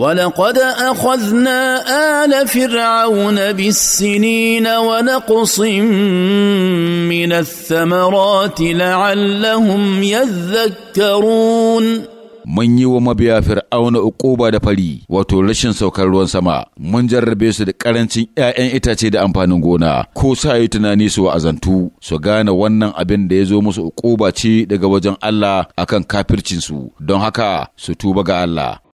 ولقد اخذنا ال فرعون بالسنين ونقص من الثمرات لعلهم يذكرون mun yi wa mabiya fir'auna uquba da fari wato rashin saukar ruwan sama mun jarrabe su da karancin 'ya'yan itace da amfanin gona ko sa yi tunani su azantu, su gane wannan abin da ya zo musu uquba ce daga wajen Allah akan kafircin su, don haka su tuba ga Allah